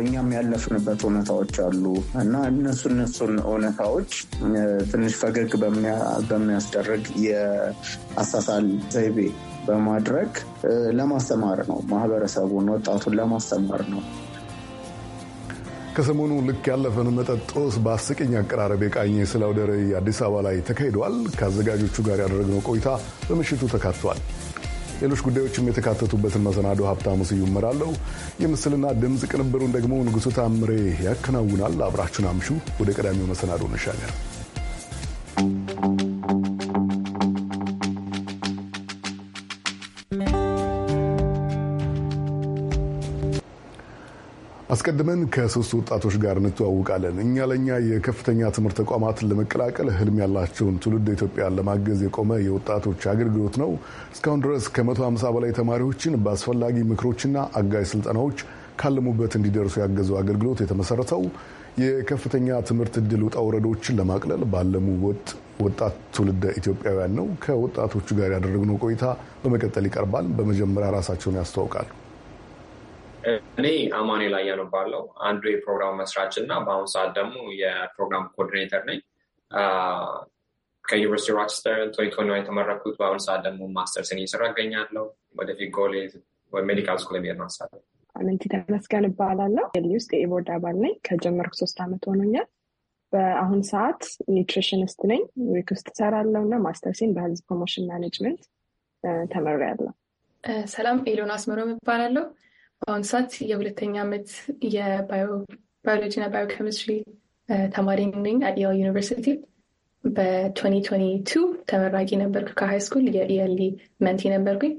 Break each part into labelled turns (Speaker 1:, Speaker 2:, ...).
Speaker 1: እኛም ያለፍንበት እውነታዎች አሉ እና እነሱ እነሱን እውነታዎች ትንሽ ፈገግ በሚያስደርግ የአሳሳል ዘይቤ በማድረግ ለማስተማር ነው። ማህበረሰቡን ወጣቱን ለማስተማር ነው።
Speaker 2: ከሰሞኑ ልክ ያለፈን መጠጥ ጦስ በአስቂኝ አቀራረብ የቃኘ ስለ አውደ ርዕይ አዲስ አበባ ላይ ተካሂደዋል። ከአዘጋጆቹ ጋር ያደረግነው ቆይታ በምሽቱ ተካቷል። ሌሎች ጉዳዮችም የተካተቱበትን መሰናዶ ሀብታሙ ስዩም እመራለሁ። የምስልና ድምፅ ቅንብሩን ደግሞ ንጉሱ ታምሬ ያከናውናል። አብራችሁን አምሹ። ወደ ቀዳሚው መሰናዶ እንሻገር። አስቀድመን ከሶስት ወጣቶች ጋር እንተዋውቃለን። እኛ ለእኛ የከፍተኛ ትምህርት ተቋማትን ለመቀላቀል ህልም ያላቸውን ትውልድ ኢትዮጵያን ለማገዝ የቆመ የወጣቶች አገልግሎት ነው። እስካሁን ድረስ ከ150 በላይ ተማሪዎችን በአስፈላጊ ምክሮችና አጋዥ ስልጠናዎች ካለሙበት እንዲደርሱ ያገዘው አገልግሎት የተመሰረተው የከፍተኛ ትምህርት እድል ውጣ ውረዶችን ለማቅለል ባለሙ ወጥ ወጣት ትውልደ ኢትዮጵያውያን ነው። ከወጣቶቹ ጋር ያደረግነው ቆይታ በመቀጠል ይቀርባል። በመጀመሪያ ራሳቸውን ያስተዋውቃሉ።
Speaker 3: እኔ አማኔ ላይ ያነባለው አንዱ የፕሮግራም መስራች እና በአሁኑ ሰዓት ደግሞ የፕሮግራም ኮኦርዲኔተር ነኝ። ከዩኒቨርሲቲ ሮችስተር ቶኮኖ የተመረኩት በአሁኑ ሰዓት ደግሞ ማስተርስን እየሰራ እገኛለሁ። ወደፊት ጎሌ ሜዲካል ስኩል የሚሄድ
Speaker 4: ማሳለ አመንቲ ተመስገን እባላለሁ። ሊ ውስጥ የኢቦርድ አባል ነኝ። ከጀመርኩ ሶስት ዓመት ሆኖኛል። በአሁን ሰዓት ኒውትሪሽኒስት ነኝ። ዊክ ውስጥ እሰራለሁ እና ማስተርሴን በህዝብ ፕሮሞሽን ማኔጅመንት ተመሪያለሁ።
Speaker 5: ሰላም ኤሎን አስመሮ እባላለሁ። በአሁኑ ሰዓት የሁለተኛ ዓመት የባዮሎጂ እና ባዮኬሚስትሪ ተማሪ ነኝ አት የል ዩኒቨርሲቲ። በ2022 ተመራቂ ነበርኩ ከሃይስኩል የኢያሊ መንቲ ነበርኩኝ።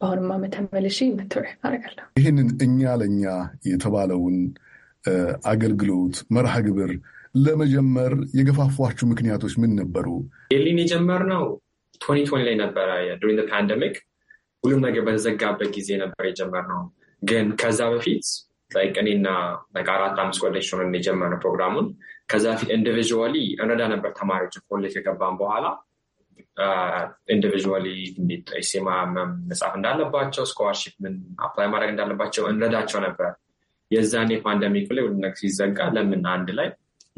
Speaker 5: በአሁኑም ዓመት ተመልሼ መትር አደርጋለሁ።
Speaker 2: ይህንን እኛ ለእኛ የተባለውን አገልግሎት መርሃ ግብር ለመጀመር የገፋፏችሁ ምክንያቶች ምን ነበሩ?
Speaker 3: ኤሊን የጀመርነው ቶኒ ላይ ነበረ ዱሪንግ ፓንደሚክ ሁሉም ነገር በተዘጋበት ጊዜ ነበር የጀመርነው ግን ከዛ በፊት እኔና አራት አምስት ጓደኞች ሆነን የጀመርነው ፕሮግራሙን ከዛ በፊት ኢንዲቪዥዋሊ እንረዳ ነበር ተማሪዎች ኮሌጅ ከገባን በኋላ ኢንዲቪዥዋሊ ሴማ መጻፍ እንዳለባቸው ስኮላርሺፕ ምን አፕላይ ማድረግ እንዳለባቸው እንረዳቸው ነበር። የዛን የፓንደሚክ ላይ ሁሉ ነገር ሲዘጋ ለምን አንድ ላይ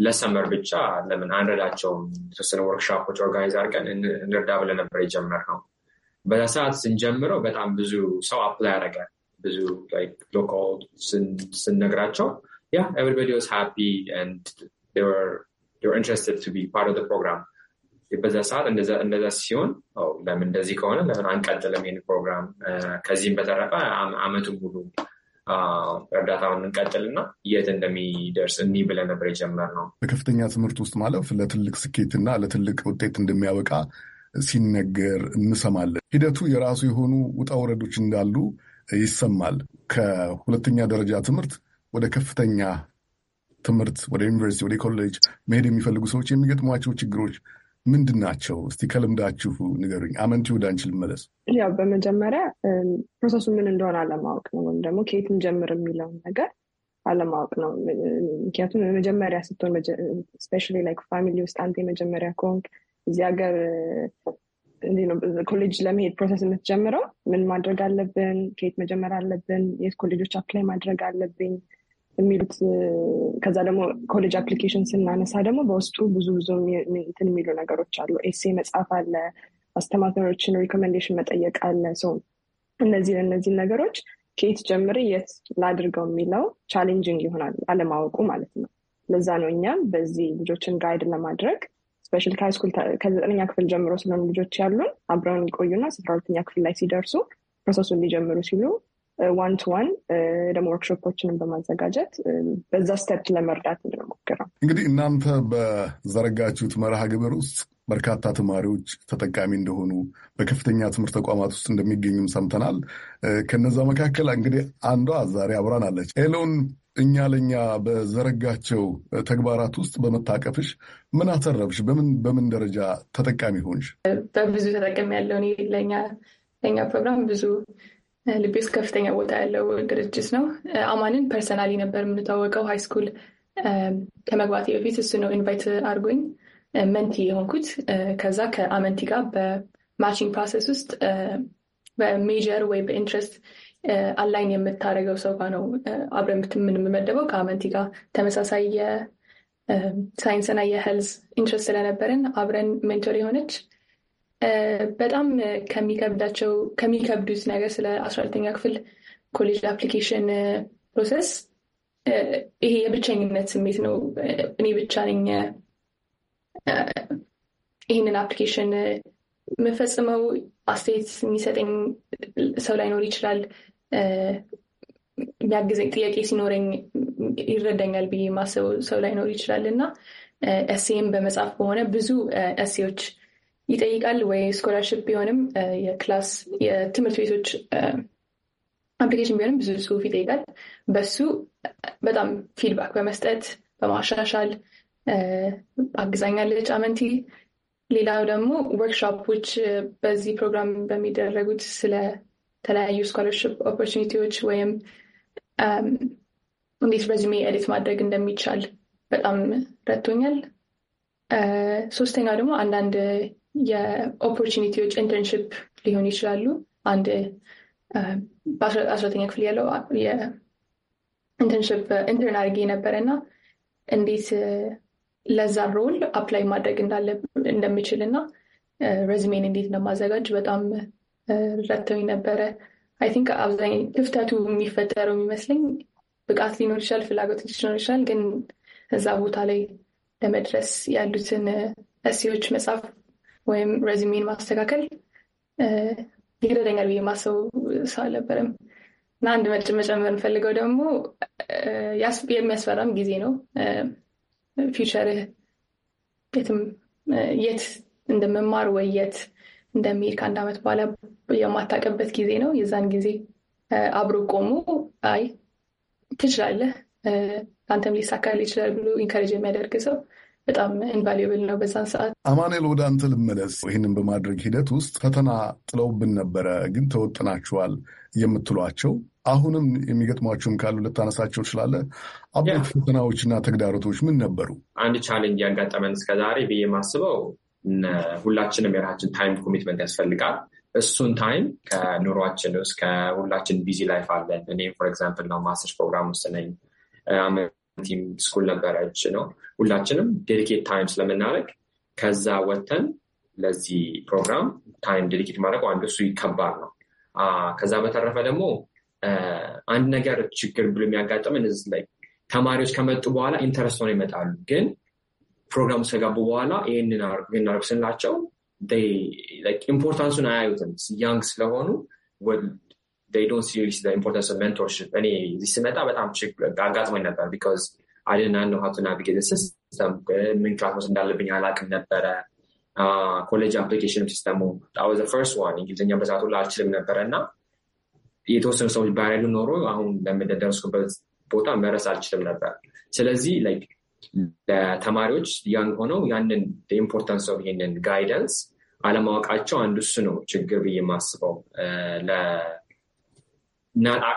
Speaker 3: ለሰመር ብቻ ለምን አንረዳቸው የተወሰነ ወርክሾፖች ኦርጋናይዝ አድርገን እንርዳ ብለ ነበር ነው በዛ ሰዓት ስንጀምረው በጣም ብዙ ሰው አፕላይ ያደረገ ብዙ ሎካል ስንነግራቸው ያ ኤቨሪባዲ ዋዝ ሃፒ ን ኢንትረስትድ ቱ ቢ ፓርት ኦፍ ፕሮግራም። በዛ ሰዓት እንደዛ ሲሆን oh, ለምን እንደዚህ ከሆነ ለምን አንቀጥልም ይህን ፕሮግራም uh, ከዚህም በተረፈ አመቱ ሙሉ uh, እርዳታውን እንቀጥልና የት እንደሚደርስ እኒ ብለን ነበር የጀመርነው።
Speaker 2: በከፍተኛ ትምህርት ውስጥ ማለፍ ለትልቅ ስኬትና ለትልቅ ውጤት እንደሚያበቃ ሲነገር እንሰማለን። ሂደቱ የራሱ የሆኑ ውጣ ወረዶች እንዳሉ ይሰማል። ከሁለተኛ ደረጃ ትምህርት ወደ ከፍተኛ ትምህርት ወደ ዩኒቨርሲቲ፣ ወደ ኮሌጅ መሄድ የሚፈልጉ ሰዎች የሚገጥሟቸው ችግሮች ምንድን ናቸው? እስቲ ከልምዳችሁ ንገሩኝ። አመንቲ ወደ አንቺ ልመለስ።
Speaker 4: ያው በመጀመሪያ ፕሮሰሱ ምን እንደሆነ አለማወቅ ነው፣ ወይም ደግሞ ከየት ጀምር የሚለውን ነገር አለማወቅ ነው። ምክንያቱም መጀመሪያ ስትሆን ስፔሻሊ ላይክ ፋሚሊ ውስጥ አንተ የመጀመሪያ ከሆንክ እዚህ ሀገር ኮሌጅ ለመሄድ ፕሮሰስ የምትጀምረው ምን ማድረግ አለብን፣ ከየት መጀመር አለብን፣ የት ኮሌጆች አፕላይ ማድረግ አለብኝ የሚሉት ከዛ ደግሞ ኮሌጅ አፕሊኬሽን ስናነሳ ደግሞ በውስጡ ብዙ ብዙ ትን የሚሉ ነገሮች አሉ። ኤሴ መጻፍ አለ፣ አስተማሪዎችን ሪኮሜንዴሽን መጠየቅ አለ። ሰው እነዚህ እነዚህ ነገሮች ከየት ጀምር የት ላድርገው የሚለው ቻሌንጅንግ ይሆናል፣ አለማወቁ ማለት ነው። ለዛ ነው እኛም በዚህ ልጆችን ጋይድ ለማድረግ ስፔሻል ከሃይስኩል ከዘጠነኛ ክፍል ጀምሮ ስለሆኑ ልጆች ያሉን አብረውን ይቆዩና አስራ ሁለተኛ ክፍል ላይ ሲደርሱ ፕሮሰሱን ሊጀምሩ ሲሉ ዋን ቱ ዋን ደግሞ ወርክሾፖችንም በማዘጋጀት um, በዛ ስቴፕ ለመርዳት የምንሞክረው
Speaker 2: እንግዲህ እናንተ በዘረጋችሁት መርሃ ግብር ውስጥ በርካታ ተማሪዎች ተጠቃሚ እንደሆኑ በከፍተኛ ትምህርት ተቋማት ውስጥ እንደሚገኙም ሰምተናል። uh, ከነዛ መካከል እንግዲህ አንዷ ዛሬ አብራን አለች። ኤሎን እኛ ለእኛ በዘረጋቸው ተግባራት ውስጥ በመታቀፍሽ ምን አተረፍሽ? በምን በምን ደረጃ ተጠቃሚ ሆንሽ?
Speaker 5: በብዙ ተጠቀሚ ያለው ለእኛ ለእኛ ፕሮግራም ብዙ ልቤ ውስጥ ከፍተኛ ቦታ ያለው ድርጅት ነው። አማንን ፐርሰናሊ ነበር የምንታወቀው ሃይስኩል ከመግባቴ በፊት እሱ ነው ኢንቫይት አድርጎኝ መንቲ የሆንኩት። ከዛ ከአመንቲ ጋር በማቺንግ ፕሮሰስ ውስጥ በሜጀር ወይ በኢንትረስት አላይን የምታደርገው ሰው ጋር ነው አብረ የምመደበው ከአመንቲ ጋር ተመሳሳይ የሳይንስና የሄልዝ ኢንትረስት ስለነበርን አብረን ሜንቶር የሆነች በጣም ከሚከብዳቸው ከሚከብዱት ነገር ስለ አስራ ሁለተኛ ክፍል ኮሌጅ አፕሊኬሽን ፕሮሰስ ይሄ የብቸኝነት ስሜት ነው። እኔ ብቻ ነኝ ይህንን አፕሊኬሽን የምፈጽመው። አስተያየት የሚሰጠኝ ሰው ላይኖር ይችላል። የሚያግዘኝ ጥያቄ ሲኖረኝ ይረዳኛል ብዬ የማስበው ሰው ላይኖር ይችላል እና ኤሴም በመጽሐፍ በሆነ ብዙ ኤሴዎች ይጠይቃል ወይ ስኮላርሽፕ ቢሆንም የክላስ የትምህርት ቤቶች አፕሊኬሽን ቢሆንም ብዙ ጽሁፍ ይጠይቃል። በሱ በጣም ፊድባክ በመስጠት በማሻሻል አግዛኛለች አመንቲ። ሌላው ደግሞ ወርክሾፖች በዚህ ፕሮግራም በሚደረጉት ስለ የተለያዩ ስኮለርሽፕ ኦፖርቹኒቲዎች ወይም um, እንዴት ረዝሜ ኤዲት ማድረግ እንደሚቻል በጣም ረቶኛል። uh, ሶስተኛው ደግሞ አንዳንድ የኦፖርቹኒቲዎች ኢንተርንሽፕ ሊሆኑ ይችላሉ። አንድ uh, በአስራተኛ ክፍል ያለው የኢንተርንሽፕ ኢንተርን አድርጌ ነበረ እና እንዴት uh, ለዛ ሮል አፕላይ ማድረግ እንደምችል እና ረዝሜን እንዴት እንደማዘጋጅ በጣም ረድተው ነበረ። አይ ቲንክ አብዛኛው ክፍተቱ የሚፈጠረው የሚመስለኝ ብቃት ሊኖር ይችላል፣ ፍላጎት ሊኖር ይችላል። ግን እዛ ቦታ ላይ ለመድረስ ያሉትን እሴዎች መጻፍ ወይም ረዚሜን ማስተካከል ይረደኛል ብዬ ማሰቡ ሰው አልነበረም እና አንድ መጨመር እንፈልገው ደግሞ የሚያስፈራም ጊዜ ነው። ፊውቸርህ የትም የት እንደመማር ወይ የት እንደሚሄድ ከአንድ ዓመት በኋላ የማታውቅበት ጊዜ ነው። የዛን ጊዜ አብሮ ቆሞ አይ ትችላለህ፣ አንተም ሊሳካል ይችላል ብሎ ኢንካሬጅ የሚያደርግ ሰው በጣም ኢንቫሊብል ነው በዛን ሰዓት።
Speaker 2: አማኑኤል ወደ አንተ ልመለስ። ይህንን በማድረግ ሂደት ውስጥ ፈተና ጥለውብን ነበረ፣ ግን ተወጥናችኋል የምትሏቸው አሁንም የሚገጥሟችሁም ካሉ ልታነሳቸው ትችላለህ። አበይት ፈተናዎችና ተግዳሮቶች ምን ነበሩ?
Speaker 3: አንድ ቻሌንጅ ያጋጠመን እስከዛሬ ብዬ ማስበው ሁላችንም የራሳችን ታይም ኮሚትመንት ያስፈልጋል። እሱን ታይም ከኑሯችን ውስጥ ከሁላችን ቢዚ ላይፍ አለን። እኔ ፎር ኤግዛምፕል ነው ማስተርስ ፕሮግራም ውስጥ ነኝ። አመቲም ስኩል ነበረች ነው ሁላችንም ዴዲኬት ታይም ስለምናደርግ ከዛ ወተን ለዚህ ፕሮግራም ታይም ዴዲኬት ማድረግ አንዱ እሱ ይከባድ ነው። ከዛ በተረፈ ደግሞ አንድ ነገር ችግር ብሎ የሚያጋጥምን ተማሪዎች ከመጡ በኋላ ኢንተረስት ሆነው ይመጣሉ ግን ፕሮግራሙ ከገቡ በኋላ ይህንን እናደርግ ስንላቸው ኢምፖርታንሱን አያዩትም ያንግ ስለሆኑ ዶንት ኢምፖርታንስ ሜንቶርሽፕ። እኔ እዚህ ስመጣ በጣም አጋጥሞኝ ነበር ቢኮዝ አይደና ነው ሀቱ ናቪጌት ሲስተም ምን ክላስ እንዳለብኝ አላቅም ነበረ። ኮሌጅ አፕሊኬሽን ሲስተሙ ዘ ፈርስት ዋን እንግሊዝኛ በሰዓቱ አልችልም ነበረ እና የተወሰኑ ሰዎች ባይሉ ኖሮ አሁን ለምደደረስኩበት ቦታ መረስ አልችልም ነበር። ስለዚህ ለተማሪዎች ያንግ ሆነው ያንን ኢምፖርታንስ ኦፍ ይህንን ጋይደንስ አለማወቃቸው አንዱ እሱ ነው ችግር ብዬ የማስበው።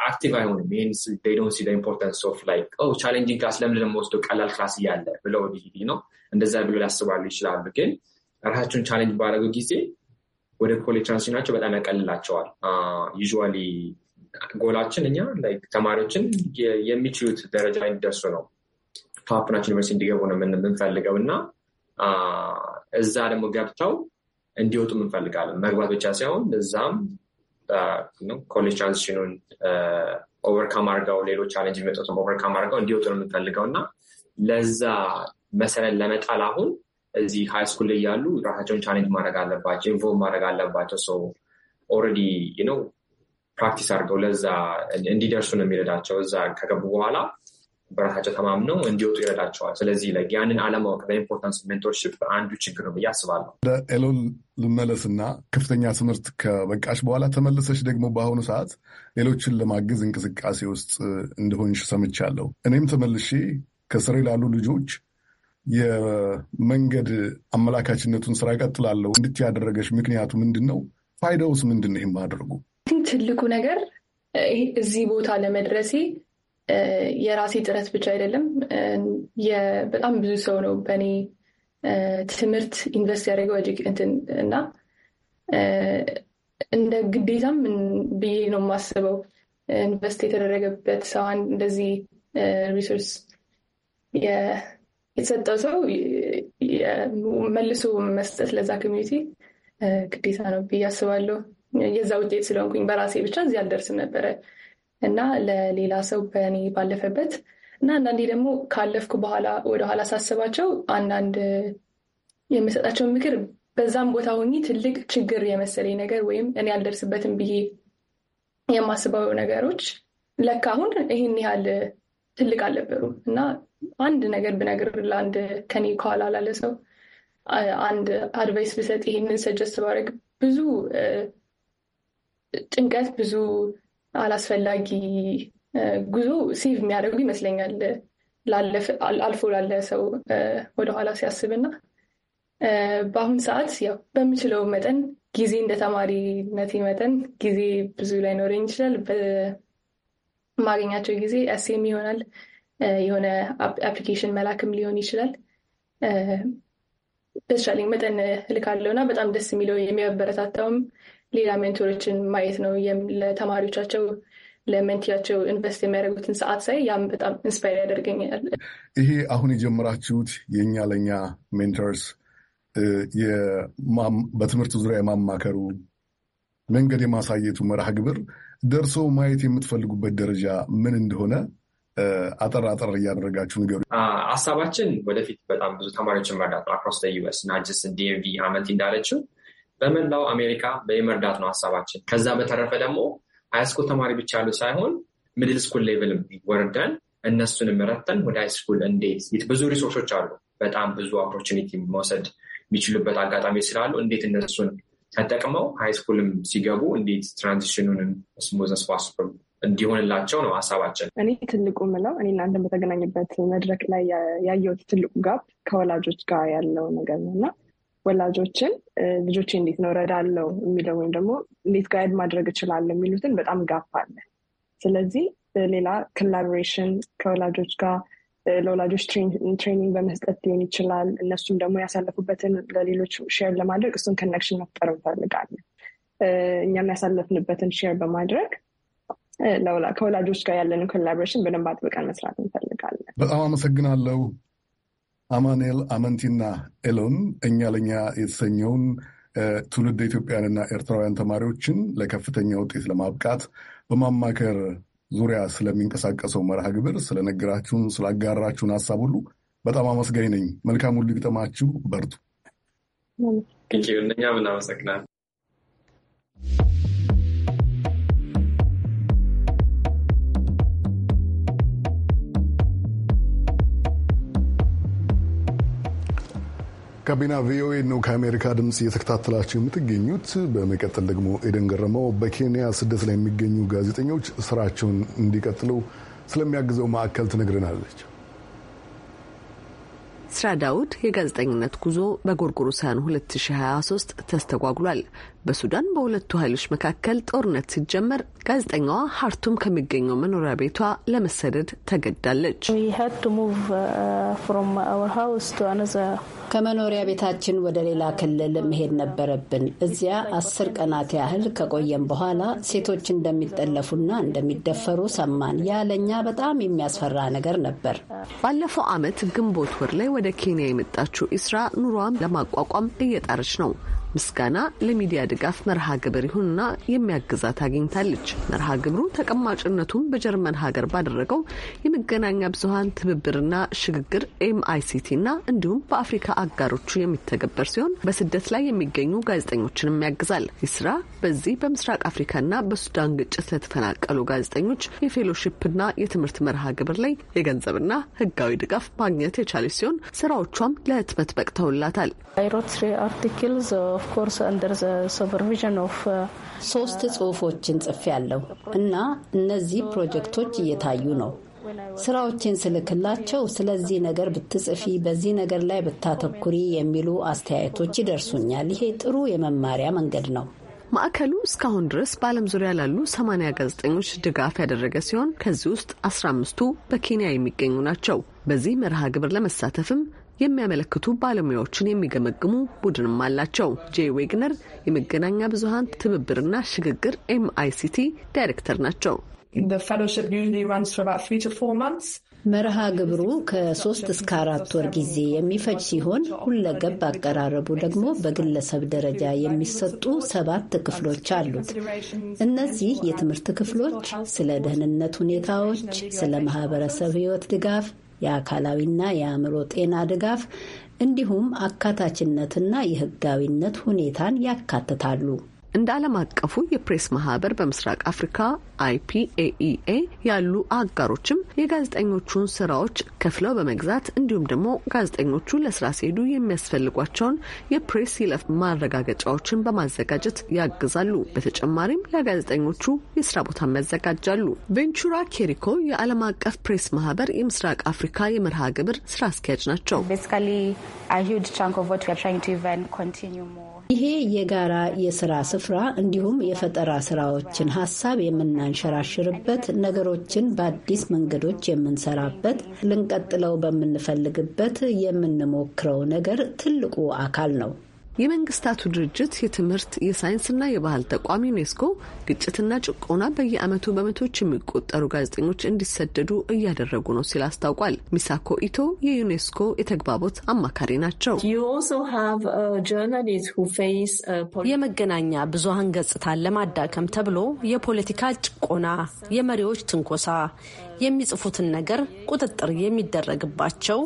Speaker 3: አክቲቭ አይሆንም። ይህን ዶን ሲ ኢምፖርታንስ ኦፍ ላይክ ቻሌንጂንግ ክላስ ለምን ወስዶ ቀላል ክላስ እያለ ብለው ዲሂዲ ነው እንደዛ ብሎ ሊያስባሉ ይችላሉ። ግን ራሳቸውን ቻሌንጅ ባደረገው ጊዜ ወደ ኮሌጅ ትራንዚሽናቸው በጣም ያቀልላቸዋል። ዩዥዋሊ ጎላችን እኛ ተማሪዎችን የሚችሉት ደረጃ እንዲደርሱ ነው ከዋፍናች ዩኒቨርሲቲ እንዲገቡ ነው የምንፈልገው እና እዛ ደግሞ ገብተው እንዲወጡ እንፈልጋለን። መግባት ብቻ ሳይሆን እዛም ኮሌጅ ትራንዚሽኑን ኦቨርካም አድርገው ሌሎች ቻለንጅ የሚመጡትም ኦቨርካም አድርገው እንዲወጡ ነው የምንፈልገው እና ለዛ መሰረት ለመጣል አሁን እዚህ ሃይ ስኩል ላይ ያሉ ራሳቸውን ቻሌንጅ ማድረግ አለባቸው፣ ኢንቮልቭ ማድረግ አለባቸው። ሰው ኦልሬዲ ነው ፕራክቲስ አድርገው ለዛ እንዲደርሱ ነው የሚረዳቸው። እዛ ከገቡ በኋላ በራሳቸው ተማምነው እንዲወጡ ይረዳቸዋል። ስለዚህ ያንን አለማወቅ በኢምፖርታንስ ሜንቶርሽፕ አንዱ ችግር ነው ብዬ አስባለሁ።
Speaker 2: ወደ ኤሎን ልመለስና ከፍተኛ ትምህርት ከበቃሽ በኋላ ተመለሰች ደግሞ በአሁኑ ሰዓት ሌሎችን ለማገዝ እንቅስቃሴ ውስጥ እንደሆንሽ ሰምቻለሁ። እኔም ተመልሼ ከስሬ ላሉ ልጆች የመንገድ አመላካችነቱን ስራ ቀጥላለሁ። እንድት ያደረገች ምክንያቱ ምንድን ነው? ፋይዳውስ ምንድን ነው? ይህም አድርጉ
Speaker 5: ትልቁ ነገር እዚህ ቦታ ለመድረሴ የራሴ ጥረት ብቻ አይደለም። በጣም ብዙ ሰው ነው በእኔ ትምህርት ኢንቨስት ያደረገው እጅግ እንትን እና እንደ ግዴታም ብዬ ነው የማስበው። ኢንቨስት የተደረገበት ሰው እንደዚህ ሪሶርስ የተሰጠው ሰው መልሶ መስጠት ለዛ ኮሚኒቲ ግዴታ ነው ብዬ አስባለሁ። የዛ ውጤት ስለሆንኩኝ በራሴ ብቻ እዚህ አልደርስም ነበረ። እና ለሌላ ሰው በእኔ ባለፈበት እና አንዳንዴ ደግሞ ካለፍኩ በኋላ ወደኋላ ሳስባቸው አንዳንድ የምሰጣቸውን ምክር በዛም ቦታ ሆኜ ትልቅ ችግር የመሰለኝ ነገር ወይም እኔ አልደርስበትም ብዬ የማስበው ነገሮች ለካ አሁን ይህን ያህል ትልቅ አልነበሩም እና አንድ ነገር ብነግር ለአንድ ከኔ ከኋላ ላለ ሰው አንድ አድቫይስ ብሰጥ ይህንን ሰጀስት ባደርግ ብዙ ጭንቀት ብዙ አላስፈላጊ ጉዞ ሴቭ የሚያደርጉ ይመስለኛል አልፎ ላለ ሰው ወደኋላ ሲያስብና በአሁን ሰዓት ያው በምችለው መጠን ጊዜ እንደ ተማሪነት መጠን ጊዜ ብዙ ላይኖረኝ ይችላል። በማገኛቸው ጊዜ ኤሴም ይሆናል፣ የሆነ አፕሊኬሽን መላክም ሊሆን ይችላል። በተቻለኝ መጠን እልካለሁ እና በጣም ደስ የሚለው የሚያበረታታውም ሌላ ሜንቶሮችን ማየት ነው ለተማሪዎቻቸው ለመንቲያቸው ኢንቨስት የሚያደርጉትን ሰዓት ሳይ ያም በጣም ኢንስፓየር ያደርገኛል።
Speaker 2: ይሄ አሁን የጀመራችሁት የእኛ ለእኛ ሜንተርስ በትምህርት ዙሪያ የማማከሩ መንገድ የማሳየቱ መርሃ ግብር ደርሶ ማየት የምትፈልጉበት ደረጃ ምን እንደሆነ አጠር አጠር እያደረጋችሁ ንገሩ።
Speaker 3: ሀሳባችን ወደፊት በጣም ብዙ ተማሪዎችን መርዳት አክሮስ ዩስ ናጅስ ዲኤምቪ አመት እንዳለችው በመላው አሜሪካ በየመርዳት ነው ሀሳባችን። ከዛ በተረፈ ደግሞ ሃይስኩል ተማሪ ብቻ ያሉ ሳይሆን ሚድል ስኩል ሌቭልም ወርደን እነሱንም ረተን ወደ ሃይስኩል እንዴት ብዙ ሪሶርሶች አሉ በጣም ብዙ ኦፖርቹኒቲ መውሰድ የሚችሉበት አጋጣሚ ስላሉ እንዴት እነሱን ተጠቅመው ሃይስኩልም ሲገቡ እንዴት ትራንዚሽኑንም ስሙዝ እንዲሆንላቸው ነው ሀሳባችን።
Speaker 4: እኔ ትልቁ ምለው እኔ እናንተን በተገናኝበት መድረክ ላይ ያየሁት ትልቁ ጋፕ ከወላጆች ጋር ያለው ነገር ነው እና ወላጆችን ልጆቼ እንዴት ነው ረዳለው የሚለው ወይም ደግሞ እንዴት ጋይድ ማድረግ እችላለሁ የሚሉትን በጣም ጋፕ አለ። ስለዚህ ሌላ ኮላቦሬሽን ከወላጆች ጋር ለወላጆች ትሬኒንግ በመስጠት ሊሆን ይችላል። እነሱም ደግሞ ያሳለፉበትን ለሌሎች ሼር ለማድረግ እሱን ኮኔክሽን መፍጠር እንፈልጋለን። እኛም ያሳለፍንበትን ሼር በማድረግ ከወላጆች ጋር ያለንን ኮላቦሬሽን በደንብ አጥብቀን መስራት እንፈልጋለን።
Speaker 2: በጣም አመሰግናለሁ። አማኑኤል አመንቲና ኤሎን እኛ ለኛ የተሰኘውን ትውልድ ኢትዮጵያንና ኤርትራውያን ተማሪዎችን ለከፍተኛ ውጤት ለማብቃት በማማከር ዙሪያ ስለሚንቀሳቀሰው መርሃ ግብር ስለነገራችሁን፣ ስላጋራችሁን ሀሳብ ሁሉ በጣም አመስጋኝ ነኝ። መልካም ሁሉ ይግጠማችሁ፣ በርቱ።
Speaker 3: እኛም እናመሰግናለን።
Speaker 2: ጋቢና ቪኦኤ ነው ከአሜሪካ ድምፅ እየተከታተላቸው የምትገኙት። በመቀጠል ደግሞ ኤደን ገረመው በኬንያ ስደት ላይ የሚገኙ ጋዜጠኞች ስራቸውን እንዲቀጥሉ ስለሚያግዘው ማዕከል ትነግረናለች።
Speaker 6: ስራ ዳውድ የጋዜጠኝነት ጉዞ በጎርጎሮሳውያን 2023 ተስተጓጉሏል። በሱዳን በሁለቱ ኃይሎች መካከል ጦርነት ሲጀመር ጋዜጠኛዋ ሀርቱም ከሚገኘው መኖሪያ ቤቷ ለመሰደድ ተገዳለች። uh,
Speaker 7: ከመኖሪያ ቤታችን ወደ ሌላ ክልል መሄድ ነበረብን። እዚያ አስር ቀናት ያህል ከቆየም በኋላ ሴቶች እንደሚጠለፉና እንደሚደፈሩ ሰማን።
Speaker 6: ያለኛ በጣም የሚያስፈራ ነገር ነበር። ባለፈው ዓመት ግንቦት ወር ላይ ወደ ኬንያ የመጣችው ኢስራ ኑሯን ለማቋቋም እየጣረች ነው። ምስጋና ለሚዲያ ድጋፍ መርሃ ግብር ይሁንና የሚያግዛት አግኝታለች። መርሃ ግብሩ ተቀማጭነቱን በጀርመን ሀገር ባደረገው የመገናኛ ብዙሀን ትብብርና ሽግግር ኤምአይሲቲ እንዲሁም በአፍሪካ አጋሮቹ የሚተገበር ሲሆን በስደት ላይ የሚገኙ ጋዜጠኞችንም ያግዛል። ይህ ስራ በዚህ በምስራቅ አፍሪካና በሱዳን ግጭት ለተፈናቀሉ ጋዜጠኞች የፌሎሺፕና የትምህርት መርሃ ግብር ላይ የገንዘብና ህጋዊ ድጋፍ ማግኘት የቻለች ሲሆን ስራዎቿም ለህትመት በቅተውላታል።
Speaker 7: Uh, ሶስት ጽሁፎችን ጽፌ ያለው እና እነዚህ ፕሮጀክቶች እየታዩ ነው። ስራዎችን ስልክላቸው ስለዚህ ነገር ብትጽፊ፣ በዚህ ነገር ላይ ብታተኩሪ የሚሉ አስተያየቶች ይደርሱኛል። ይሄ ጥሩ የመማሪያ መንገድ ነው።
Speaker 6: ማዕከሉ እስካሁን ድረስ በዓለም ዙሪያ ላሉ 80 ጋዜጠኞች ድጋፍ ያደረገ ሲሆን ከዚህ ውስጥ 15ቱ በኬንያ የሚገኙ ናቸው። በዚህ መርሃ ግብር ለመሳተፍም የሚያመለክቱ ባለሙያዎችን የሚገመግሙ ቡድንም አላቸው። ጄ ዌግነር የመገናኛ ብዙሀን ትብብርና ሽግግር ኤምአይሲቲ ዳይሬክተር ናቸው። መርሃ ግብሩ ከሶስት እስከ አራት ወር ጊዜ
Speaker 7: የሚፈጅ ሲሆን ሁለገብ አቀራረቡ ደግሞ በግለሰብ ደረጃ የሚሰጡ ሰባት ክፍሎች አሉት።
Speaker 6: እነዚህ የትምህርት
Speaker 7: ክፍሎች ስለ ደህንነት ሁኔታዎች፣ ስለ ማህበረሰብ ህይወት ድጋፍ፣ የአካላዊና የአእምሮ ጤና ድጋፍ እንዲሁም አካታችነትና የህጋዊነት ሁኔታን ያካትታሉ።
Speaker 6: እንደ ዓለም አቀፉ የፕሬስ ማህበር በምስራቅ አፍሪካ አይፒኤኢኤ e ያሉ አጋሮችም የጋዜጠኞቹን ስራዎች ከፍለው በመግዛት እንዲሁም ደግሞ ጋዜጠኞቹ ለስራ ሲሄዱ የሚያስፈልጓቸውን የፕሬስ ይለፍ ማረጋገጫዎችን በማዘጋጀት ያግዛሉ። በተጨማሪም ለጋዜጠኞቹ የስራ ቦታ ያዘጋጃሉ። ቬንቹራ ኬሪኮ የዓለም አቀፍ ፕሬስ ማህበር የምስራቅ አፍሪካ የመርሃ ግብር ስራ አስኪያጅ ናቸው።
Speaker 7: ይሄ የጋራ የስራ ስፍራ እንዲሁም የፈጠራ ስራዎችን ሀሳብ የምናንሸራሽርበት፣ ነገሮችን በአዲስ መንገዶች የምንሰራበት፣ ልንቀጥለው በምንፈልግበት
Speaker 6: የምንሞክረው ነገር ትልቁ አካል ነው። የመንግስታቱ ድርጅት የትምህርት የሳይንስና የባህል ተቋም ዩኔስኮ ግጭትና ጭቆና በየዓመቱ በመቶዎች የሚቆጠሩ ጋዜጠኞች እንዲሰደዱ እያደረጉ ነው ሲል አስታውቋል። ሚሳኮ ኢቶ የዩኔስኮ የተግባቦት አማካሪ ናቸው።
Speaker 7: uh, uh, የመገናኛ ብዙሃን ገጽታን ለማዳከም ተብሎ የፖለቲካ ጭቆና፣ የመሪዎች ትንኮሳ፣ የሚጽፉትን ነገር ቁጥጥር የሚደረግባቸው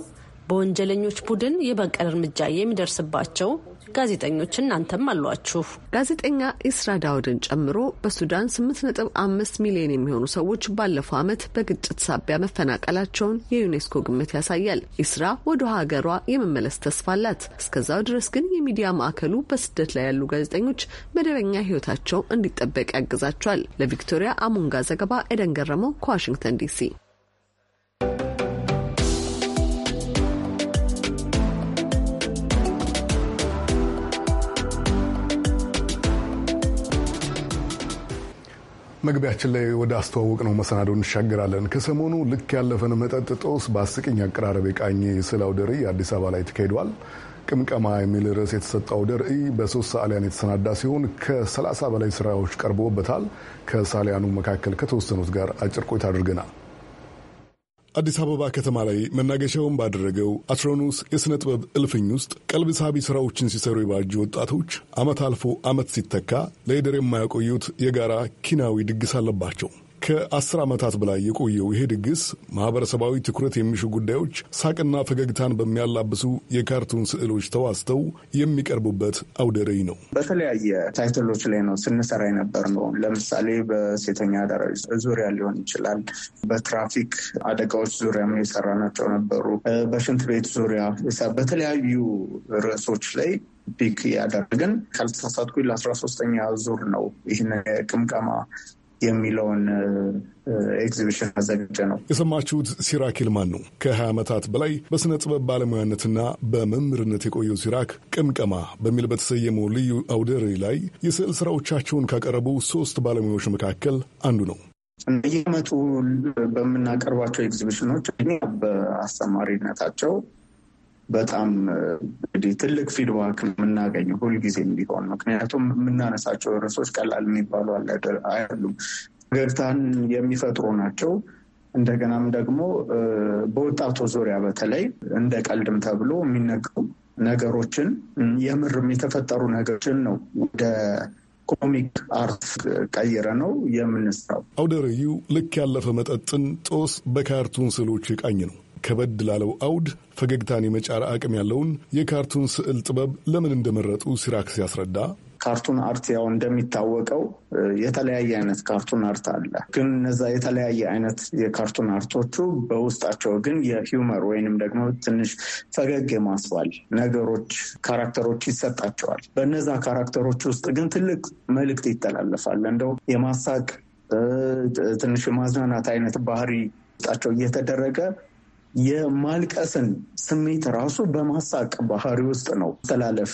Speaker 7: በወንጀለኞች
Speaker 6: ቡድን የበቀል እርምጃ የሚደርስባቸው ጋዜጠኞች እናንተም አሏችሁ። ጋዜጠኛ ኢስራ ዳውድን ጨምሮ በሱዳን 8.5 ሚሊዮን የሚሆኑ ሰዎች ባለፈው ዓመት በግጭት ሳቢያ መፈናቀላቸውን የዩኔስኮ ግምት ያሳያል። ኢስራ ወደ ሀገሯ የመመለስ ተስፋ አላት። እስከዛው ድረስ ግን የሚዲያ ማዕከሉ በስደት ላይ ያሉ ጋዜጠኞች መደበኛ ሕይወታቸው እንዲጠበቅ ያግዛቸዋል። ለቪክቶሪያ አሞንጋ ዘገባ ኤደን ገረመው ከዋሽንግተን ዲሲ
Speaker 2: መግቢያችን ላይ ወደ አስተዋወቅ ነው መሰናዶ እንሻገራለን። ከሰሞኑ ልክ ያለፈን መጠጥ ጦስ በአስቂኝ አቀራረብ የቃኘ የስዕል አውደ ርዕይ አዲስ አበባ ላይ ተካሂዷል። ቅምቀማ የሚል ርዕስ የተሰጠው አውደ ርዕይ በሶስት ሰዓሊያን የተሰናዳ ሲሆን ከ30 በላይ ስራዎች ቀርበውበታል። ከሰዓሊያኑ መካከል ከተወሰኑት ጋር አጭር ቆይታ አድርገናል። አዲስ አበባ ከተማ ላይ መናገሻውን ባደረገው አትሮኖስ የሥነ ጥበብ እልፍኝ ውስጥ ቀልብ ሳቢ ሥራዎችን ሲሰሩ የባጁ ወጣቶች ዓመት አልፎ ዓመት ሲተካ ለይደር የማያቆዩት የጋራ ኪናዊ ድግስ አለባቸው። ከአስር ዓመታት በላይ የቆየው ይሄ ድግስ ማኅበረሰባዊ ትኩረት የሚሹ ጉዳዮች ሳቅና ፈገግታን በሚያላብሱ የካርቱን ስዕሎች ተዋዝተው የሚቀርቡበት አውደ ርዕይ ነው።
Speaker 1: በተለያየ ታይትሎች ላይ ነው ስንሰራ የነበር ነው። ለምሳሌ በሴተኛ አዳሪዎች ዙሪያ ሊሆን ይችላል። በትራፊክ አደጋዎች ዙሪያ የሰራናቸው ነበሩ። በሽንት ቤት ዙሪያ በተለያዩ ርዕሶች ላይ ፒክ ያደረግን ካልተሳሳትኩኝ ለአስራ ሶስተኛ ዙር ነው ይህን የቅምቀማ የሚለውን ኤግዚቢሽን አዘጋጀ ነው።
Speaker 2: የሰማችሁት ሲራክ ይልማን ነው። ከ20 ዓመታት በላይ በሥነ ጥበብ ባለሙያነትና በመምህርነት የቆየው ሲራክ ቅምቀማ በሚል በተሰየመው ልዩ አውደ ርዕይ ላይ የስዕል ስራዎቻቸውን ካቀረቡ ሶስት ባለሙያዎች መካከል አንዱ ነው።
Speaker 1: እንደየመጡ በምናቀርባቸው ኤግዚቢሽኖች በአስተማሪነታቸው በጣም እንግዲህ ትልቅ ፊድባክ የምናገኝ ሁልጊዜም ቢሆን ምክንያቱም የምናነሳቸው ርዕሶች ቀላል የሚባሉ አይደሉም። ፈገግታን የሚፈጥሩ ናቸው። እንደገናም ደግሞ በወጣቱ ዙሪያ በተለይ እንደ ቀልድም ተብሎ የሚነገሩ ነገሮችን የምርም የተፈጠሩ ነገሮችን ነው ወደ ኮሚክ አርት ቀይረ ነው የምንስራው።
Speaker 2: አውደ ርዕዩ ልክ ያለፈ መጠጥን ጦስ በካርቱን ስዕሎች የቃኝ ነው። ከበድ ላለው አውድ ፈገግታን የመጫር አቅም ያለውን የካርቱን ስዕል ጥበብ ለምን እንደመረጡ ሲራክስ ያስረዳ።
Speaker 1: ካርቱን አርት ያው እንደሚታወቀው የተለያየ አይነት ካርቱን አርት አለ። ግን እነዛ የተለያየ አይነት የካርቱን አርቶቹ በውስጣቸው ግን የሂውመር ወይንም ደግሞ ትንሽ ፈገግ የማስባል ነገሮች ካራክተሮች ይሰጣቸዋል። በነዛ ካራክተሮች ውስጥ ግን ትልቅ መልእክት ይተላለፋል። እንደው የማሳቅ ትንሽ የማዝናናት አይነት ባህሪ ውስጣቸው እየተደረገ የማልቀስን ስሜት ራሱ በማሳቅ ባህሪ ውስጥ ነው ተላለፍ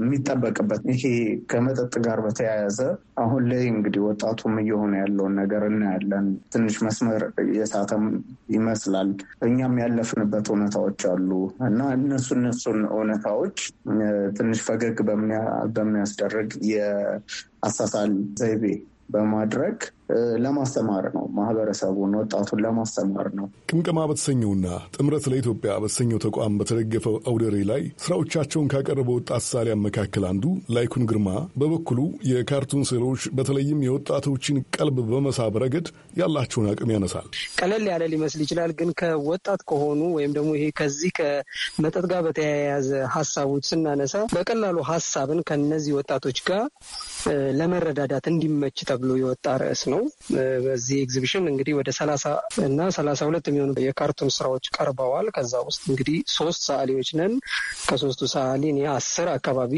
Speaker 1: የሚጠበቅበት። ይሄ ከመጠጥ ጋር በተያያዘ አሁን ላይ እንግዲህ ወጣቱም እየሆነ ያለውን ነገር እናያለን። ትንሽ መስመር የሳተም ይመስላል። እኛም ያለፍንበት እውነታዎች አሉ እና እነሱ እነሱን እውነታዎች ትንሽ ፈገግ በሚያስደርግ የአሳሳል ዘይቤ በማድረግ ለማስተማር ነው። ማህበረሰቡን ወጣቱን ለማስተማር ነው።
Speaker 2: ቅምቅማ በተሰኘውና ጥምረት ለኢትዮጵያ በተሰኘው ተቋም በተደገፈው አውደሬ ላይ ስራዎቻቸውን ካቀረበ ወጣት ሳሊያን መካከል አንዱ ላይኩን ግርማ በበኩሉ የካርቱን ስዕሎች በተለይም የወጣቶችን ቀልብ በመሳብ ረገድ ያላቸውን አቅም ያነሳል።
Speaker 8: ቀለል ያለ ሊመስል ይችላል፣ ግን ከወጣት ከሆኑ ወይም ደግሞ ይሄ ከዚህ ከመጠጥ ጋር በተያያዘ ሀሳቦች ስናነሳ በቀላሉ ሀሳብን ከነዚህ ወጣቶች ጋር ለመረዳዳት እንዲመች ተብሎ የወጣ ርዕስ ነው። ነው። በዚህ ኤግዚቢሽን እንግዲህ ወደ ሰላሳ እና ሰላሳ ሁለት የሚሆኑ የካርቱን ስራዎች ቀርበዋል። ከዛ ውስጥ እንግዲህ ሶስት ሰዓሊዎች ነን። ከሶስቱ ሰዓሊ እኔ አስር አካባቢ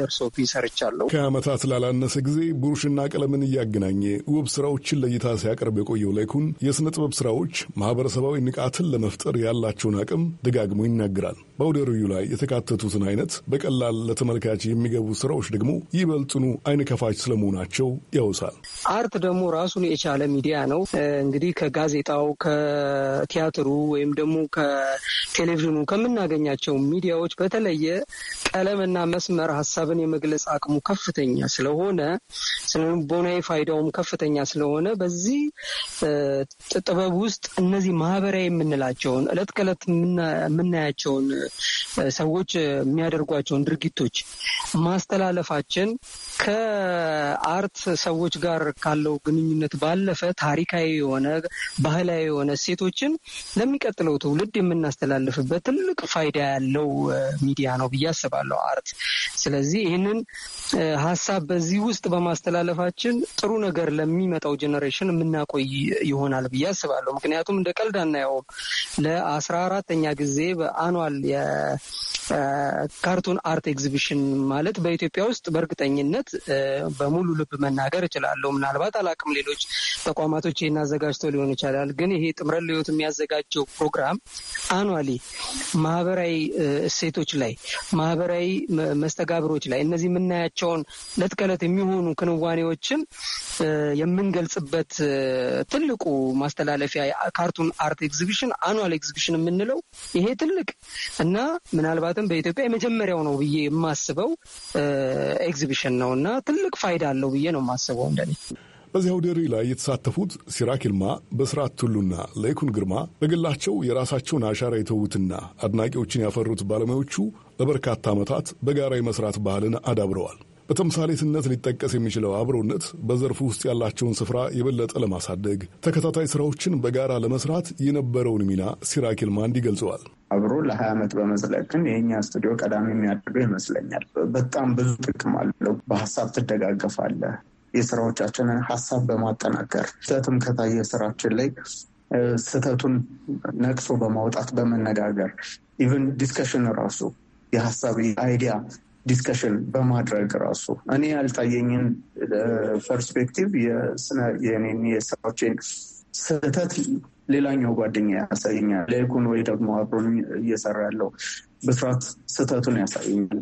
Speaker 8: ደርሶ
Speaker 2: ሰርቻለሁ። ከአመታት ላላነሰ ጊዜ ብሩሽና ቀለምን እያገናኘ ውብ ስራዎችን ለእይታ ሲያቀርብ የቆየው ላይኩን የስነ ጥበብ ስራዎች ማህበረሰባዊ ንቃትን ለመፍጠር ያላቸውን አቅም ደጋግሞ ይናገራል። በአውደ ርዕዩ ላይ የተካተቱትን አይነት በቀላል ለተመልካች የሚገቡ ስራዎች ደግሞ ይበልጥኑ አይን ከፋች ስለመሆናቸው ያውሳል።
Speaker 8: አርት ደግሞ ራሱን የቻለ ሚዲያ ነው። እንግዲህ ከጋዜጣው፣ ከቲያትሩ ወይም ደግሞ ከቴሌቪዥኑ ከምናገኛቸው ሚዲያዎች በተለየ ቀለምና መስመር ሀሳብን የመግለጽ አቅሙ ከፍተኛ ስለሆነ ስነልቦናዊ ፋይዳውም ከፍተኛ ስለሆነ በዚህ ጥበብ ውስጥ እነዚህ ማህበራዊ የምንላቸውን እለት ከእለት የምናያቸውን ሰዎች የሚያደርጓቸውን ድርጊቶች ማስተላለፋችን ከአርት ሰዎች ጋር ካለው ግን ግንኙነት ባለፈ ታሪካዊ የሆነ ባህላዊ የሆነ እሴቶችን ለሚቀጥለው ትውልድ የምናስተላልፍበት ትልቅ ፋይዳ ያለው ሚዲያ ነው ብዬ አስባለሁ አርት። ስለዚህ ይህንን ሀሳብ በዚህ ውስጥ በማስተላለፋችን ጥሩ ነገር ለሚመጣው ጀኔሬሽን የምናቆይ ይሆናል ብዬ አስባለሁ። ምክንያቱም እንደ ቀልድ አናየውም። ለአስራ አራተኛ ጊዜ በአኗል የካርቱን አርት ኤግዚቢሽን ማለት በኢትዮጵያ ውስጥ በእርግጠኝነት በሙሉ ልብ መናገር እችላለሁ። ምናልባት አላቅም ሌሎች ተቋማቶች ይህን አዘጋጅተው ሊሆን ይችላል። ግን ይሄ ጥምረት ለሕይወት የሚያዘጋጀው ፕሮግራም አኗሊ ማህበራዊ እሴቶች ላይ፣ ማህበራዊ መስተጋብሮች ላይ እነዚህ የምናያቸውን ዕለት ከዕለት የሚሆኑ ክንዋኔዎችን የምንገልጽበት ትልቁ ማስተላለፊያ ካርቱን አርት ኤግዚቢሽን አኗል ኤግዚቢሽን የምንለው ይሄ ትልቅ እና ምናልባትም በኢትዮጵያ የመጀመሪያው ነው ብዬ የማስበው ኤግዚቢሽን ነው እና ትልቅ
Speaker 2: ፋይዳ አለው ብዬ ነው የማስበው እንደኔ። በዚህ አውደ ርዕይ ላይ የተሳተፉት ሲራክ ይልማ፣ በስርዓት ቱሉና ለይኩን ግርማ በግላቸው የራሳቸውን አሻራ የተዉትና አድናቂዎችን ያፈሩት ባለሙያዎቹ ለበርካታ ዓመታት በጋራ የመስራት ባህልን አዳብረዋል። በተምሳሌትነት ሊጠቀስ የሚችለው አብሮነት በዘርፉ ውስጥ ያላቸውን ስፍራ የበለጠ ለማሳደግ ተከታታይ ስራዎችን በጋራ ለመስራት የነበረውን ሚና ሲራክ ይልማ እንዲህ ገልጸዋል።
Speaker 1: አብሮ ለሀያ ዓመት በመዝለቅን የኛ ስቱዲዮ ቀዳሚ የሚያደርገው ይመስለኛል። በጣም ብዙ ጥቅም አለው። በሀሳብ ትደጋገፋለህ። የስራዎቻችንን ሀሳብ በማጠናከር ስህተትም ከታየ ስራችን ላይ ስህተቱን ነቅሶ በማውጣት በመነጋገር ኢቨን ዲስከሽን ራሱ የሀሳብ አይዲያ ዲስከሽን በማድረግ ራሱ እኔ ያልታየኝን ፐርስፔክቲቭ የስነ የኔ የስራዎችን ስህተት ሌላኛው ጓደኛ ያሳየኛል። ላይኩን ወይ ደግሞ አብሮኝ እየሰራ ያለው ብስራት ስህተቱን ያሳየኛል።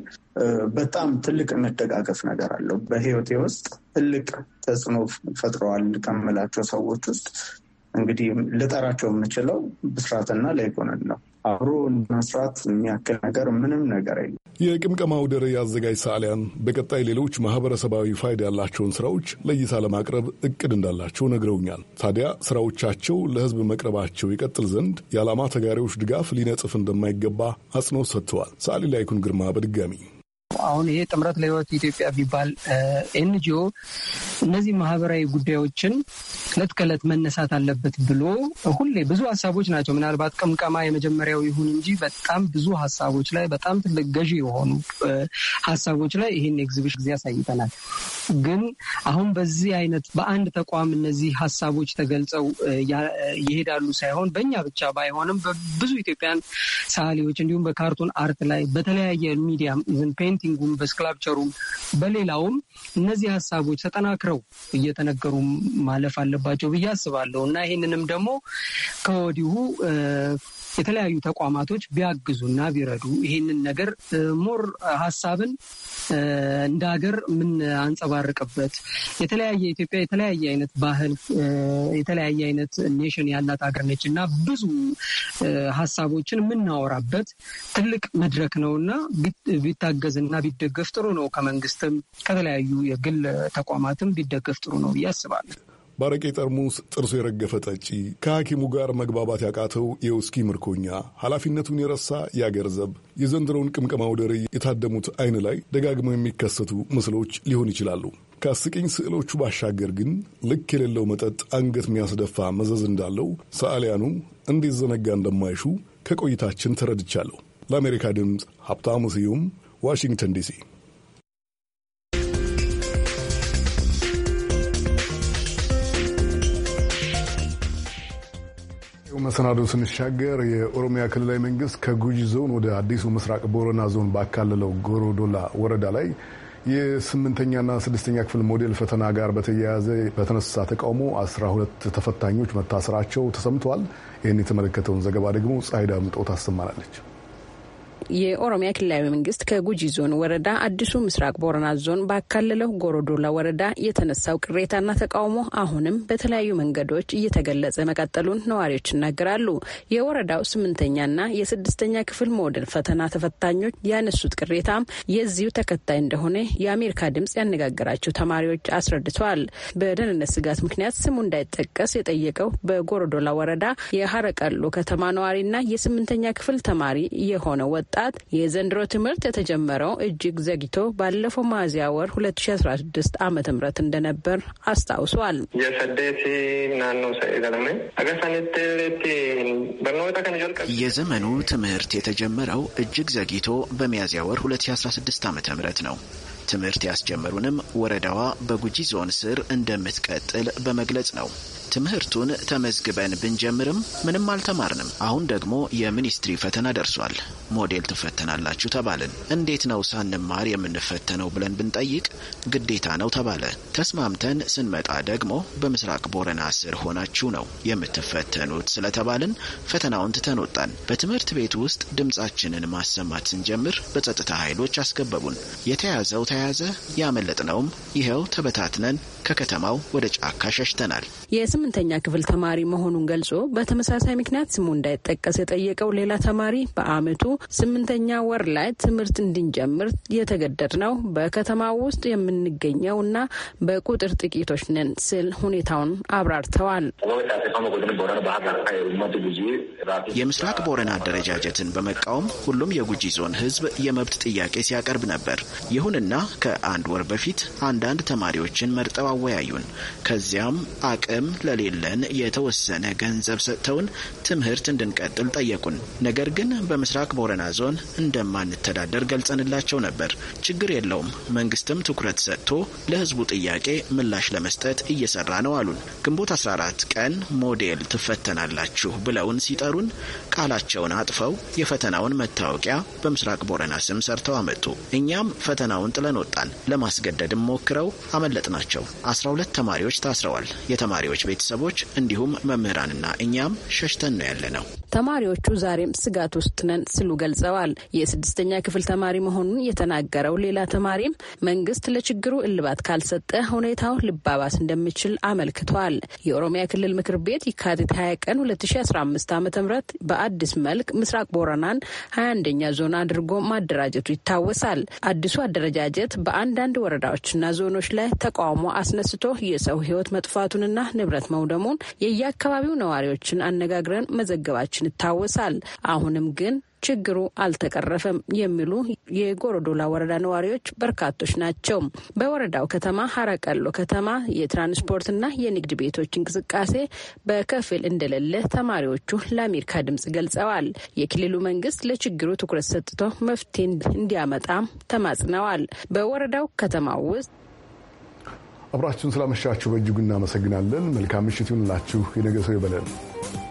Speaker 1: በጣም ትልቅ መደጋገፍ ነገር አለው። በህይወቴ ውስጥ ትልቅ ተጽዕኖ ፈጥረዋል ከምላቸው ሰዎች ውስጥ እንግዲህ ልጠራቸው የምችለው ብስራትና ላይኩንን ነው። አብሮ ለመስራት የሚያክል ነገር ምንም ነገር የለም።
Speaker 2: የቅምቀማ ደረ የአዘጋጅ ሰዓሊያን በቀጣይ ሌሎች ማህበረሰባዊ ፋይዳ ያላቸውን ስራዎች ለእይታ ለማቅረብ እቅድ እንዳላቸው ነግረውኛል። ታዲያ ስራዎቻቸው ለህዝብ መቅረባቸው ይቀጥል ዘንድ የዓላማ ተጋሪዎች ድጋፍ ሊነጽፍ እንደማይገባ አጽንኦት ሰጥተዋል። ሰዓሊ ላይኩን ግርማ በድጋሚ
Speaker 8: አሁን ይሄ ጥምረት ለህይወት ኢትዮጵያ የሚባል ኤንጂኦ እነዚህ ማህበራዊ ጉዳዮችን እለት ከእለት መነሳት አለበት ብሎ ሁሌ ብዙ ሀሳቦች ናቸው። ምናልባት ቅምቀማ የመጀመሪያው ይሁን እንጂ በጣም ብዙ ሀሳቦች ላይ በጣም ትልቅ ገዢ የሆኑ ሀሳቦች ላይ ይህን ኤግዚቢሽን ጊዜ ያሳይተናል። ግን አሁን በዚህ አይነት በአንድ ተቋም እነዚህ ሀሳቦች ተገልጸው ይሄዳሉ ሳይሆን በእኛ ብቻ ባይሆንም በብዙ ኢትዮጵያን ሰዓሊዎች እንዲሁም በካርቱን አርት ላይ በተለያየ ሚዲያም ፔንቲንግ በፔይንቲንጉም በስክላፕቸሩም በሌላውም እነዚህ ሀሳቦች ተጠናክረው እየተነገሩ ማለፍ አለባቸው ብዬ አስባለሁ እና ይህንንም ደግሞ ከወዲሁ የተለያዩ ተቋማቶች ቢያግዙና ቢረዱ ይህንን ነገር ሞር ሀሳብን እንደ ሀገር የምናንጸባርቅበት የተለያየ ኢትዮጵያ የተለያየ አይነት ባህል የተለያየ አይነት ኔሽን ያላት ሀገር ነች እና ብዙ ሀሳቦችን የምናወራበት ትልቅ መድረክ ነው እና ቢታገዝና ቢደገፍ ጥሩ ነው። ከመንግስትም ከተለያዩ የግል
Speaker 2: ተቋማትም ቢደገፍ ጥሩ ነው ብዬ አስባለሁ። ባረቄ ጠርሙስ ጥርሱ የረገፈ ጠጪ፣ ከሐኪሙ ጋር መግባባት ያቃተው የውስኪ ምርኮኛ፣ ኃላፊነቱን የረሳ የአገር ዘብ የዘንድሮውን ቅምቅማ ወደ የታደሙት አይን ላይ ደጋግመው የሚከሰቱ ምስሎች ሊሆን ይችላሉ። ከአስቂኝ ስዕሎቹ ባሻገር ግን ልክ የሌለው መጠጥ አንገት የሚያስደፋ መዘዝ እንዳለው ሰዓሊያኑ እንዴት ዘነጋ እንደማይሹ ከቆይታችን ተረድቻለሁ። ለአሜሪካ ድምፅ ሀብታሙ ስዩም ዋሽንግተን ዲሲ። መሰናዶ ስንሻገር የኦሮሚያ ክልላዊ መንግስት ከጉጂ ዞን ወደ አዲሱ ምስራቅ ቦረና ዞን ባካለለው ጎሮዶላ ወረዳ ላይ የስምንተኛና ስድስተኛ ክፍል ሞዴል ፈተና ጋር በተያያዘ በተነሳ ተቃውሞ አስራ ሁለት ተፈታኞች መታሰራቸው ተሰምተዋል። ይህን የተመለከተውን ዘገባ ደግሞ ፀሐይ ዳምጦ ታሰማናለች።
Speaker 9: የኦሮሚያ ክልላዊ መንግስት ከጉጂ ዞን ወረዳ አዲሱ ምስራቅ ቦረና ዞን ባካለለው ጎሮዶላ ወረዳ የተነሳው ቅሬታና ተቃውሞ አሁንም በተለያዩ መንገዶች እየተገለጸ መቀጠሉን ነዋሪዎች ይናገራሉ። የወረዳው ስምንተኛና የስድስተኛ ክፍል ሞዴል ፈተና ተፈታኞች ያነሱት ቅሬታ የዚሁ ተከታይ እንደሆነ የአሜሪካ ድምጽ ያነጋገራቸው ተማሪዎች አስረድተዋል። በደህንነት ስጋት ምክንያት ስሙ እንዳይጠቀስ የጠየቀው በጎሮዶላ ወረዳ የሀረቀሎ ከተማ ነዋሪና የስምንተኛ ክፍል ተማሪ የሆነ ወጣ ለማምጣት የዘንድሮ ትምህርት የተጀመረው እጅግ ዘግይቶ ባለፈው ሚያዝያ ወር 2016 ዓ ም
Speaker 10: እንደነበር አስታውሷል። የዘመኑ ትምህርት የተጀመረው እጅግ ዘግይቶ በሚያዝያ ወር 2016 ዓ ም ነው። ትምህርት ያስጀመሩንም ወረዳዋ በጉጂ ዞን ስር እንደምትቀጥል በመግለጽ ነው። ትምህርቱን ተመዝግበን ብንጀምርም ምንም አልተማርንም። አሁን ደግሞ የሚኒስትሪ ፈተና ደርሷል። ሞዴል ትፈተናላችሁ ተባልን። እንዴት ነው ሳንማር የምንፈተነው ብለን ብንጠይቅ ግዴታ ነው ተባለ። ተስማምተን ስንመጣ ደግሞ በምስራቅ ቦረና ስር ሆናችሁ ነው የምትፈተኑት ስለተባልን ፈተናውን ትተን ወጣን። በትምህርት ቤት ውስጥ ድምፃችንን ማሰማት ስንጀምር በጸጥታ ኃይሎች አስከበቡን። የተያዘው ተያዘ፣ ያመለጥነውም ይኸው ተበታትነን ከከተማው ወደ ጫካ ሸሽተናል።
Speaker 9: የስምንተኛ ክፍል ተማሪ መሆኑን ገልጾ በተመሳሳይ ምክንያት ስሙ እንዳይጠቀስ የጠየቀው ሌላ ተማሪ በአመቱ ስምንተኛ ወር ላይ ትምህርት እንድንጀምር ነው። በከተማ ውስጥ የምንገኘው እና በቁጥር ጥቂቶች ነን ስል ሁኔታውን አብራርተዋል።
Speaker 10: የምስራቅ ቦረና አደረጃጀትን በመቃወም ሁሉም የጉጂ ዞን ህዝብ የመብት ጥያቄ ሲያቀርብ ነበር። ይሁንና ከአንድ ወር በፊት አንዳንድ ተማሪዎችን መርጠው አወያዩን። ከዚያም አቅም ስለሌለን የተወሰነ ገንዘብ ሰጥተውን ትምህርት እንድንቀጥል ጠየቁን። ነገር ግን በምስራቅ ቦረና ዞን እንደማንተዳደር ገልጸንላቸው ነበር። ችግር የለውም፣ መንግስትም ትኩረት ሰጥቶ ለህዝቡ ጥያቄ ምላሽ ለመስጠት እየሰራ ነው አሉን። ግንቦት 14 ቀን ሞዴል ትፈተናላችሁ ብለውን ሲጠሩን ቃላቸውን አጥፈው የፈተናውን መታወቂያ በምስራቅ ቦረና ስም ሰርተው አመጡ። እኛም ፈተናውን ጥለን ወጣን። ለማስገደድም ሞክረው አመለጥናቸው። አስራ ሁለት ተማሪዎች ታስረዋል። የተማሪዎች ቤት ቤተሰቦች እንዲሁም መምህራንና እኛም ሸሽተን ነው ያለነው።
Speaker 9: ተማሪዎቹ ዛሬም ስጋት ውስጥ ነን ሲሉ ገልጸዋል። የስድስተኛ ክፍል ተማሪ መሆኑን የተናገረው ሌላ ተማሪም መንግስት ለችግሩ እልባት ካልሰጠ ሁኔታው ልባባስ እንደሚችል አመልክቷል። የኦሮሚያ ክልል ምክር ቤት የካቲት 20 ቀን 2015 ዓ ም በአዲስ መልክ ምስራቅ ቦረናን 21ኛ ዞን አድርጎ ማደራጀቱ ይታወሳል። አዲሱ አደረጃጀት በአንዳንድ ወረዳዎችና ዞኖች ላይ ተቃውሞ አስነስቶ የሰው ህይወት መጥፋቱንና ንብረት መውደሙን የየአካባቢው ነዋሪዎችን አነጋግረን መዘገባችን መሆናችን ይታወሳል። አሁንም ግን ችግሩ አልተቀረፈም የሚሉ የጎረዶላ ወረዳ ነዋሪዎች በርካቶች ናቸው። በወረዳው ከተማ ሀረቀሎ ከተማ የትራንስፖርትና የንግድ ቤቶች እንቅስቃሴ በከፊል እንደሌለ ተማሪዎቹ ለአሜሪካ ድምጽ ገልጸዋል። የክልሉ መንግስት ለችግሩ ትኩረት ሰጥቶ መፍትሄ እንዲያመጣ ተማጽነዋል። በወረዳው ከተማ ውስጥ
Speaker 2: አብራችሁን ስላመሻችሁ በእጅጉ እናመሰግናለን። መልካም ምሽት ይሁንላችሁ። የነገ ሰው ይበለን።